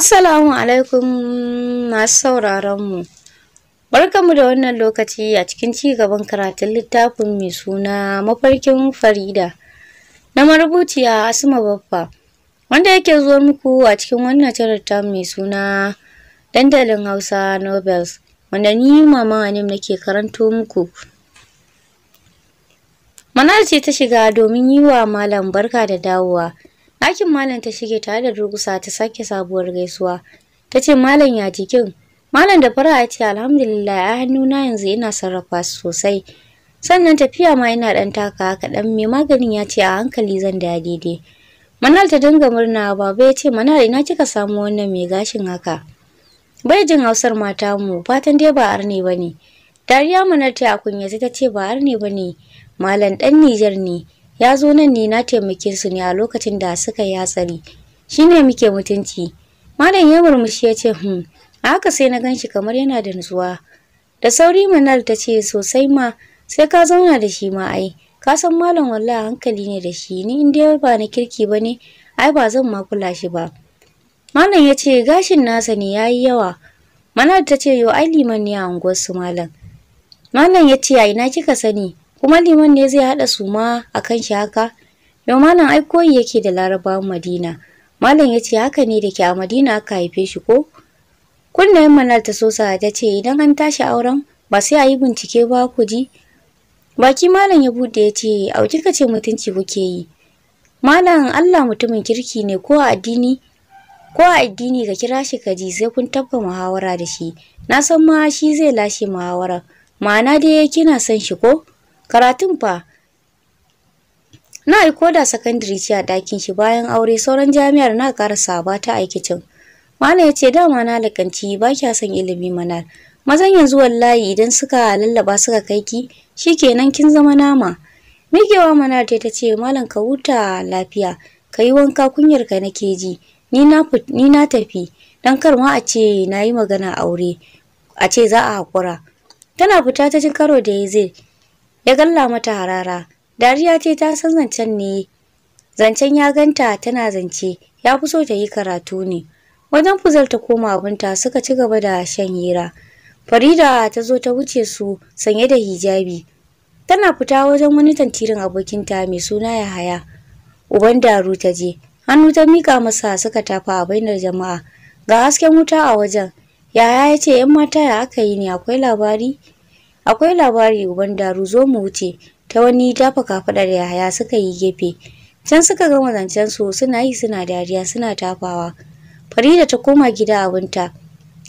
Assalamu alaikum masu sauraronmu. mu da wannan lokaci a cikin ci gaban karatun littafin mai suna mafarkin Farida na marubuciya Asma Baffa wanda yake zuwa muku a cikin wannan jarata mai suna dandalin Hausa Nobels wanda ni mama ne nake karanto muku. Mana ce ta shiga domin yi wa malam barka da dawowa. ɗakin malam ta shige tare da durgusa ta sake sabuwar gaisuwa ta ce malam ya jikin malam da fara ya ce alhamdulillah a na yanzu ina sarrafa sosai sannan tafiya ma yana ɗan taka kaɗan mai maganin ya ce a hankali zan da daidai manal ta dinga murna baba ya ce manal ina kika samu wannan mai gashin haka bai jin hausar mata mu fatan dai ba arne ba ne dariya manal ta a kunya ta ce ba arne ba ne malam ɗan nijar ne ya zo nan ne na taimake su ne a lokacin da suka yi hatsari shi ne muke mutunci malam ya murmushi ya ce hmm haka sai na gan shi kamar yana da nutsuwa da sauri manal ta ce sosai ma sai ka zauna da shi ma ai ka san malam wallah hankali ne da shi ni in ba na kirki ba ne ai ba zan makula shi ba malam ya ce gashin nasa ne ya yi yawa manal ta ce yo ai liman ne a unguwarsu malam malam ya ce a ina kika sani kuma liman ne zai haɗa suma a kan shi haka yau malam ai koyi yake da laraba madina malam ya ce haka ne da ke a madina aka haife shi ko kunnayen manal ta sosa ta ce idan an tashi auren ba sai a yi bincike ba ku ji baki malam ya buɗe ya ce auki kace ce mutunci kuke yi malam allah mutumin kirki ne ko a addini ko a addini ka kira shi ka ji sai kun tabba muhawara da shi na san ma shi zai lashe muhawara ma'ana dai kina son shi ko karatun fa na yi koda sakandare ce a ɗakin shi bayan aure sauran jami'ar na karasa ba ta aikicin malam ya ce dama na lakanci ba kya son ilimi manar mazan yanzu wallahi idan suka lallaba suka kai ki shi kenan kin zama nama mikewa manar ta ce malam ka huta lafiya ka yi wanka kunyar ka nake ji ni na ni na tafi dan kar ma a ce na yi magana aure a ce za a haƙura tana fita ta cin karo da ya zai ya galla mata harara dariya ce ta san zancen ne zancen ya ganta tana zance ya fi so ta yi karatu ne wajen fuzar ta koma abinta suka ci gaba da shan hira farida ta zo ta wuce su sanye da hijabi tana fita wajen wani tantirin abokinta mai suna ya haya. uban daru ta je hannu ta mika masa suka tafa a bainar jama'a ga hasken wuta a wajen yaya ya ce yan mata ya aka yi ne akwai labari akwai labari uban daru zo mu wuce ta wani dafa kafada da yahaya suka yi gefe can suka gama zancen su suna yi suna dariya suna tafawa farida ta koma gida abinta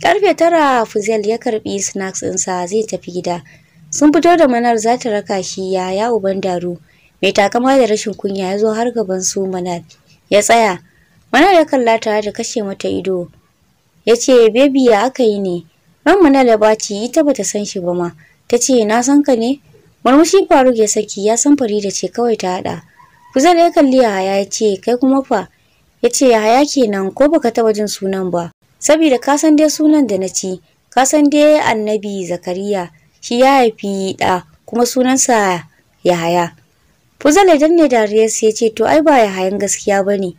karfe tara fuzel ya karbi snacks ɗinsa zai tafi gida sun fito da manar za ta raka shi yaya uban daru mai takama da rashin kunya ya zo har gaban su manar ya tsaya manar ya kalla tare da kashe mata ido ya ce bebi ya aka yi ne ran manar ya baci ita bata san shi ba ma ta ce na san ka ne murmushi faruk ya saki ya san farida ce kawai ta haɗa kuzar ya kalli yahaya ya ce kai kuma fa ya ce yahaya kenan ko baka taɓa jin sunan ba saboda ka san dai sunan da na ci ka san dai annabi zakariya shi ya haifi da kuma sunansa yahaya fuzal idan ne dariyarsa ya ce to ai ba ya hayan gaskiya ba ne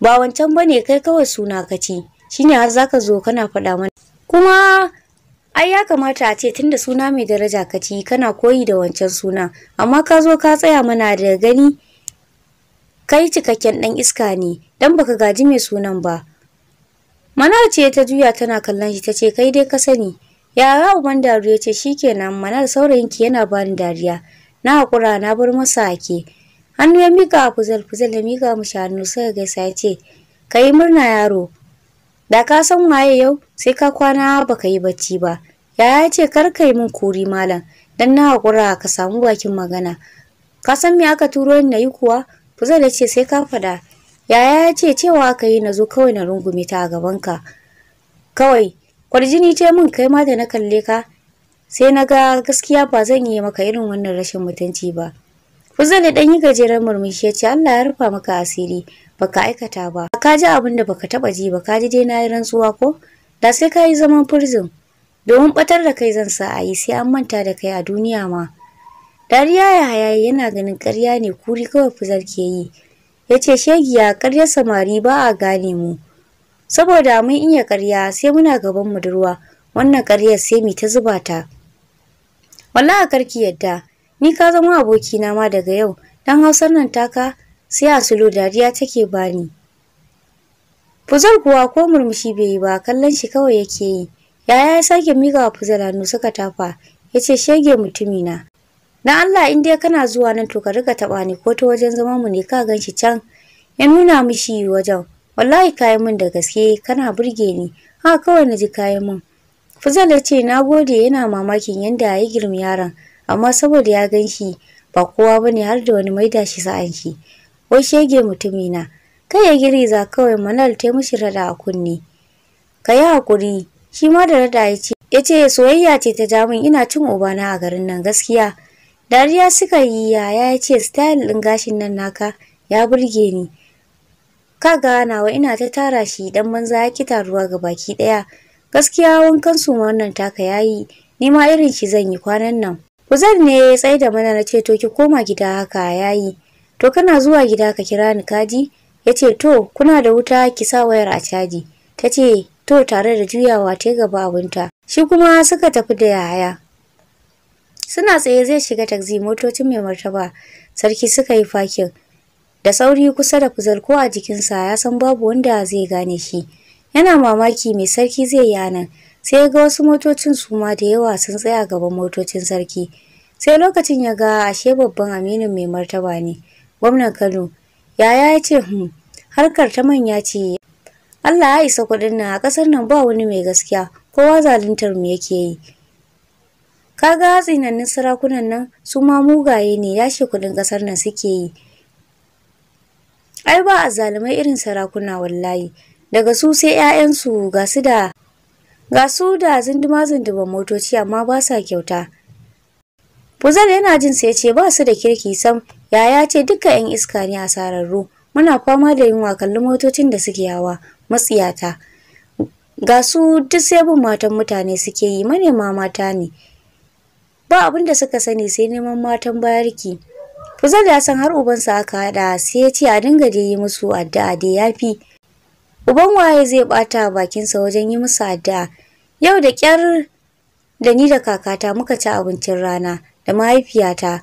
ba wancan ba ne kai kawai suna ka ci shine har zaka zo kana faɗa mana kuma Ai ya kamata a ce tunda suna mai daraja ka ci kana koyi da wancan suna, amma ka zo ka tsaya mana da gani kai cikakken ɗan iska ne, dan baka gaji mai sunan ba. mana ce ta juya tana kallon shi tace kai dai ka sani. Yara uban dariya ce shikenan saurayin ki yana ba ni dariya. Na hakura na bar masa ake. Hannu ya mika a fuzal fuzal ya mika mishi hannu sai gaisa ya ce kai murna yaro Da ka san waye yau sai ka kwana baka yi bacci ba. Yaya ce kar ka yi min kuri malam dan na hakura ka samu bakin magana. Ka san me aka turo ni nayi kuwa? Fuza da ce sai ka fada Yaya ya ce cewa aka yi na zo kawai na rungume ta a ka. Kawai kwarjini ce min kai ma da na kalle ka sai na ga gaskiya ba zan yi maka irin wannan rashin mutunci ba. Fuza da yi gajeren murmushi ya ce Allah ya rufa maka asiri baka aikata ba ka ji abin da baka taba ji ba ka ji dai na yi rantsuwa ko da sai ka yi zaman prison domin batar da kai zan sa a yi sai an manta da kai a duniya ma dariya ya hayaye yana ganin ƙarya ne kuri kawai fuzar ke yi ya ce shegiya ƙaryar samari ba a gane mu saboda mun iya ƙarya sai muna gaban mu durwa wannan ƙaryar sai mu ta zuba ta wallahi karki yadda ni ka zama abokina ma daga yau dan hausar nan taka sai a sulo dariya take bani. fuzal kuwa ko murmushi bai yi ba kallon shi kawai yake yi. Yaya ya sake miƙa wa Fuzar hannu suka tafa ya ce shege mutumi na. Na Allah in dai kana zuwa nan to ka riga taɓa ni ko ta wajen zama mu ne ka gan can. Ya nuna mishi wajen. Wallahi kayan min da gaske kana burge ni. Ha kawai na ji kayan min. Fuzal ya ce na gode yana mamakin yadda ya girmi yaron amma saboda ya gan shi ba kowa bane har da wani maida shi sa'an shi. wai shege mutumina. na kai ya giriza kawai manal ta mushi rada a kunne. ka yi hakuri shi ma da rada ya ce ya ce soyayya ce ta jamun ina cin ubana a garin nan gaskiya dariya suka yi yaya ya ce style ɗin gashin nan naka ya burge ni ka wa ina ta tara shi dan manza ya kita ruwa ga baki daya gaskiya wankan su wannan taka yayi ni ma irin shi zan yi kwanan nan kuzar ne ya tsaye da mana na ce to ki koma gida haka yayi To kana zuwa gida ka kira ni kaji? yace to kuna da wuta ki sa wayar a caji. tace to tare da juyawa ta gaba abinta. Shi kuma suka tafi da yaya. Suna tsaye zai shiga taxi motocin mai martaba. Sarki suka yi fakin. Da sauri kusa da fuzal ko a jikinsa ya san babu wanda zai gane shi. Yana mamaki mai sarki zai yi nan. Sai ya ga wasu motocin su ma da yawa sun tsaya gaban motocin sarki. Sai lokacin ya ga ashe babban aminin mai martaba ne. gwamnan Kano. Yaya ya ce, hmm, harkar ta manya ce. Allah ya isa kuɗin nan a ƙasar nan ba wani mai gaskiya, kowa zaluntar mu yake yi." Kaga hatsinannin sarakunan nan su ma mugaye ne yashe kuɗin kasar nan suke yi. Ai ba a zalumai irin sarakuna wallahi, daga su sai 'ya'yansu ga su da ga su da zinduma motoci amma ba sa kyauta. Fuzal yana jin sai ce ba su da kirki sam Yaya ce duka 'yan iska ne a sararru. Muna fama da yunwa kallon motocin da suke hawa, matsiyata. Ga su duk sai bin matan mutane suke yi manema mata ne. Ba abin da suka sani sai neman matan bariki. Fuzar da san har ubansa aka haɗa sai ya ce a dinga da yi musu addu'a da yafi. Uban waye zai ɓata bakinsa wajen yi musu addu'a. Yau da ƙyar da ni da kakata muka ci abincin rana da mahaifiyata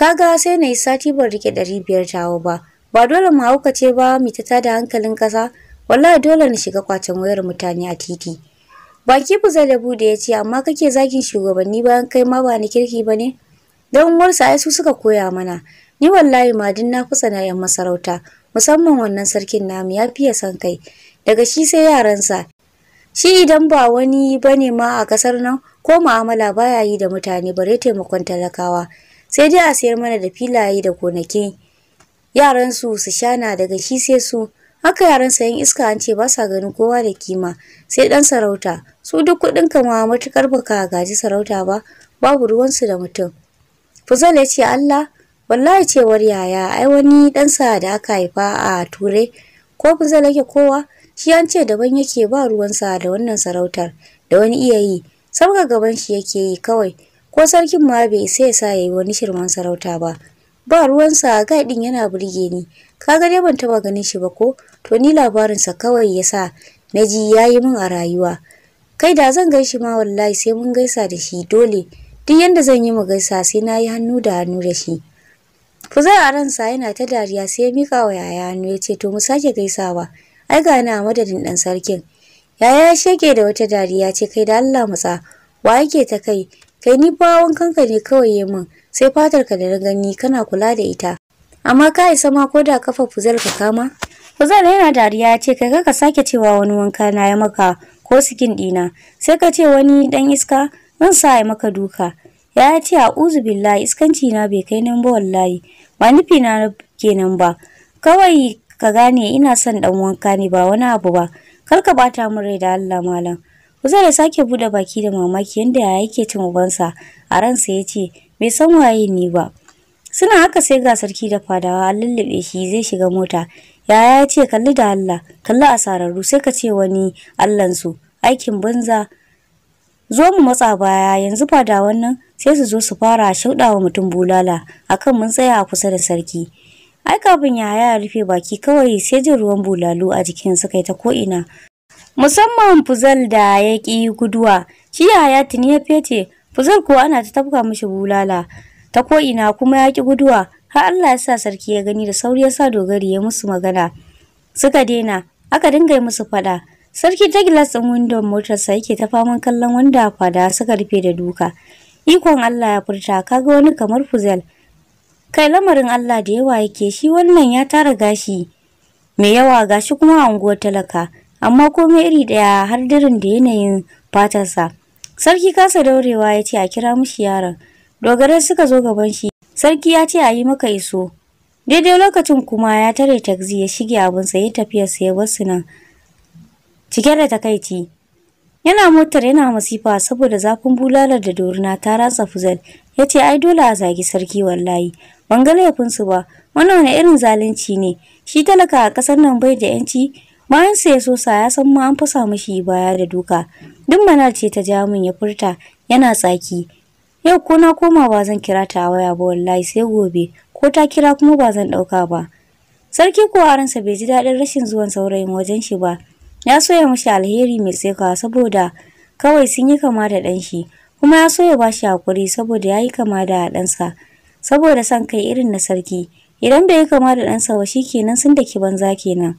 kaga sai na yi sati ban rike ɗari biyar tawo ba ba dole mu haukace ba mu ta tada hankalin kasa wallahi dole na shiga kwacen wayar mutane a titi baki buzai da bude ya ce amma kake zagin shugabanni bayan kai ma ba ni kirki ba ne don warsa, ai su suka koya mana ni wallahi ma din na kusa na yan masarauta musamman wannan sarkin namu ya fiye san kai daga shi sai yaransa shi idan ba wani bane ma a kasar nan ko mu'amala baya yi da mutane bare taimakon talakawa sai dai a sayar mana da filaye da gonaki yaran su su shana daga shi sai su haka yaran sayan iska an ce ba sa ganin kowa da kima sai dan sarauta su duk kudin kama matukar baka gaji sarauta ba babu ruwansu da mutum Fuzal ya ce Allah wallahi cewar yaya ai wani ɗansa da aka haifa a ture ko Fuzal yake kowa shi an ce daban yake ba ruwansa da wannan sarautar da wani iya yi sabga gaban shi yake yi kawai ko sarkin ma bai sai ya sa ya yi wani shirman sarauta ba ba ruwansa gai din yana burge ni kaga dai ban taba ganin shi ba ko to ni labarinsa kawai ya sa na ji ya yi min a rayuwa kai da zan gaishe ma wallahi sai mun gaisa da shi dole duk yanda zan yi mu gaisa sai na yi hannu da hannu da shi fuzar a ransa yana ta dariya sai ya mika wa yaya hannu ya ce to mu sake gaisawa ai ga a madadin ɗan sarkin yaya ya shege da wata dariya ce kai da Allah mutsa wa yake ta kai kai ni fa kanka ne kawai ya min sai ka da na gani kana kula da ita amma ka isa ma ko da kafa fuzar ka kama fuzar yana dariya ya ce kai ka sake cewa wani wanka na ya maka ko sikin dina sai ka ce wani dan iska zan sa ya maka duka ya ce a uzu billahi iskanci na bai kai nan ba wallahi ba nufi na kenan ba kawai ka gane ina son dan wanka ne ba wani abu ba kar ka bata min rai da Allah malam ya sake bude baki da mamaki yanda yaya yake cin ubansa a ransa ya ce bai san waye ni ba. Suna haka sai ga sarki da fadawa a lullube shi zai shiga mota. Yaya ya ce kalli da Allah, kalli a sararru, sai ka ce wani su aikin banza. Zo mu matsa baya yanzu fadawan nan sai su zo su fara shauɗawa mutum bulala akan mun tsaya a kusa da sarki. Ai kafin yaya ya rufe baki kawai sai jin ruwan bulalu a jikin suka yi ta ko'ina musamman Fuzal da ya ƙi guduwa. Shi yaya tuni ya fete. Fuzal kuwa ana ta tafka mishi bulala ta ko ina kuma ya ƙi guduwa. Har Allah ya sa sarki ya gani da sauri ya sa dogari ya musu magana. Suka daina, aka dinga yi musu faɗa. Sarki ta gilas ɗin windon motarsa yake ta faman kallon wanda fada suka rufe da duka. Ikon Allah ya furta kaga wani kamar Fuzal. Kai lamarin Allah da yawa yake shi wannan ya tara gashi. Mai yawa gashi kuma a unguwar talaka. amma komai iri ɗaya har dirin da yanayin fatarsa. Sarki kasa daurewa ya ce a kira mushi yaron. Dogarai suka zo gaban shi. Sarki ya ce a yi maka iso. Daidai lokacin kuma ya tare taxi ya shige abinsa ya tafiyarsa ya bar su nan. Cike da takaici. Yana motar yana masifa saboda zafin bulalar da dorina ta ratsa fuzal. Ya ce ai dole a zagi sarki wallahi. Ban ga laifinsu ba. Wannan wani irin zalunci ne. Shi talaka a ƙasar nan bai da 'yanci bayan sa ya so sa ya san mu an fasa mishi baya da duka duk manar ce ta ja min ya furta yana tsaki yau ko na koma ba zan kira ta waya ba wallahi sai gobe ko ta kira kuma ba zan ɗauka ba sarki ko ransa bai ji daɗin rashin zuwan saurayin wajen shi ba ya so ya mishi alheri mai tsekawa saboda kawai sun yi kama da ɗan shi kuma ya so ya ba shi haƙuri saboda ya yi kama da ɗansa saboda son kai irin na sarki idan bai yi kama da ɗansa ba shi kenan sun daki banza kenan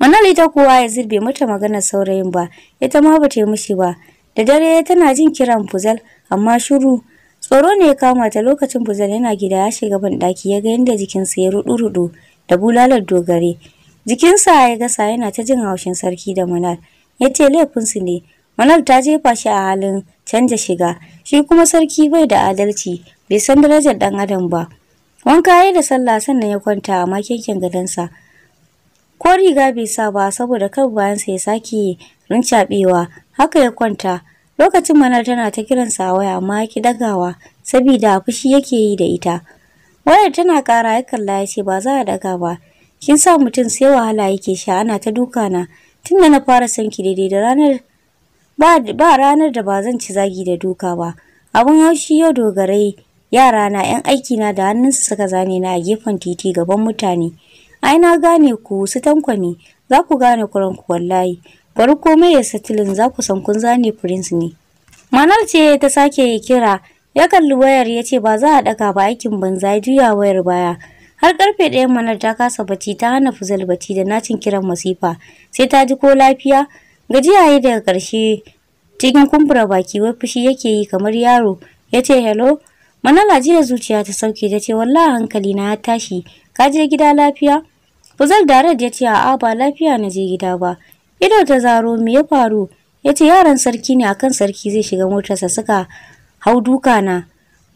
Manal ita kuwa ya zirbe mata magana saurayin ba, ita ma ba ta yi mishi ba. Da dare tana jin kiran Fuzal amma shiru. Tsoro ne ya kama ta lokacin Fuzal yana gida ya shiga ban daki ya ga yadda jikinsa ya ruɗu-ruɗu da bulalar dogare. Jikinsa ya gasa yana ta jin haushin sarki da Manal. Ya ce laifinsu ne. Manal ta jefa shi a halin canja shiga. Shi kuma sarki bai da adalci, bai san darajar dan adam ba. Wanka ya da sallah sannan ya kwanta a makekin gadansa. ko riga bai sa ba saboda kan bayansa ya sake rincaɓewa haka ya kwanta lokacin manar tana ta kiransa sa waya amma ya ki dagawa saboda fushi yake yi da ita wayar tana ƙara ya kalla ya ce ba za a daga ba kin sa mutum sai wahala yake sha ana ta duka na tun da na fara sanki ki daidai da ranar ba ranar da ba zan ci zagi da duka ba abun haushi yau dogarai yara na yan aikina na da hannunsu suka zane na a gefen titi gaban mutane ai na gane ku su tankwa ne za ku gane kuranku wallahi bari komai ya satilin za ku san kun zane prince ne manar ce ta sake kira ya kalli wayar ya ce ba za a ɗaka ba aikin banza ya juya wayar baya har karfe ɗayan manar ta kasa bacci ta hana fuzal bacci da nacin kiran masifa sai ta ji ko lafiya gajiya yi daga ƙarshe cikin kumbura baki wai fushi yake yi kamar yaro ya ce hello Manala jiya zuciya ta sauke ta ce wallahi hankali na ya tashi ka je gida lafiya? Fuzal Darad ya ce a'a ba lafiya na je gida ba. Ido ta zaro me ya faru? Ya ce yaran sarki ne akan sarki zai shiga motarsa suka hau duka na.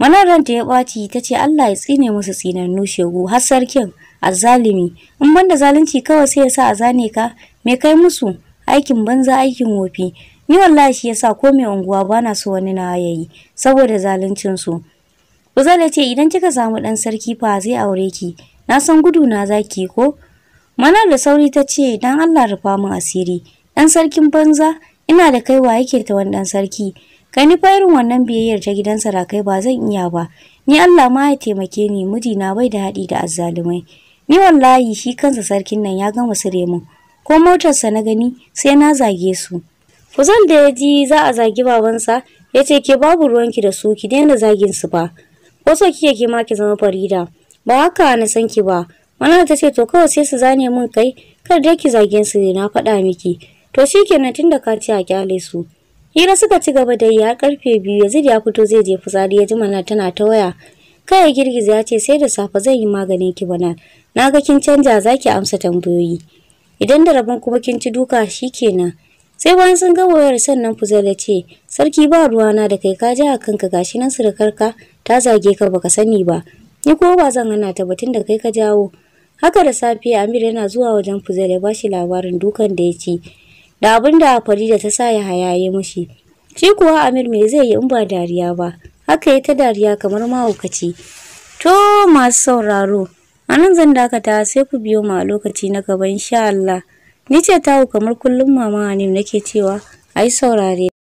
Manaran ta ya baci ta ce Allah ya tsine musu tsinannu shegu har sarkin azzalimi in banda zalunci kawai sai ya sa a zane ka me kai musu aikin banza aikin wofi ni wallahi shi yasa ko mai unguwa bana so wani na yayi saboda zaluncin su Uzala ya ce idan kika samu ɗan sarki fa zai aure ki. Na san gudu na zaki ko? Manar da sauri ta ce dan Allah rufa min asiri. Ɗan sarkin banza ina da kai wa yake ta wani ɗan sarki. Kai ni fa wannan biyayyar ta gidan sarakai ba zan iya ba. Ni Allah ma ya taimake ni miji na bai da haɗi da azzalumai. Ni wallahi shi kansa sarkin nan ya gama sire mun. ko motarsa na gani sai na zage su. Fuzal da ya ji za a zagi babansa ya ce ke babu ruwanki da su ki daina zagin su ba. wasu ki ke ma ki zama farida ba haka na san ki ba Manal ta ce to kawai sai su zane min kai kar dai ki zage su ne na faɗa miki. To shikenan tunda ka ci a kyale su. Hira suka ci gaba da ya karfe biyu Yazid ya fito zai je fitsari ya ji mana tana ta waya. Kai girgiza ya ce sai da safe zai yi maganin ki bana Na ga kin canja zaki amsa tambayoyi. Idan da rabon kuma kin ci duka shikenan. sai bayan sun ga wayar sannan Fuzail ya ce sarki ba ruwana da kai ka ji a kanka gashi nan surukarka ta zage ka baka sani ba ni ko ba zan hana ta batun da kai ka jawo haka da safiya Amir yana zuwa wajen Fuzail ya bashi labarin dukan da ya ci da abin da Farida ta sa ya hayaye mushi shi kuwa Amir me zai yi in ba dariya ba haka ya ta dariya kamar mahaukaci to masu sauraro a nan zan dakata sai ku biyo mu a lokaci na gaba insha Allah Ni ce tawo kamar kullum Mama Hanim nake cewa Ai saurare.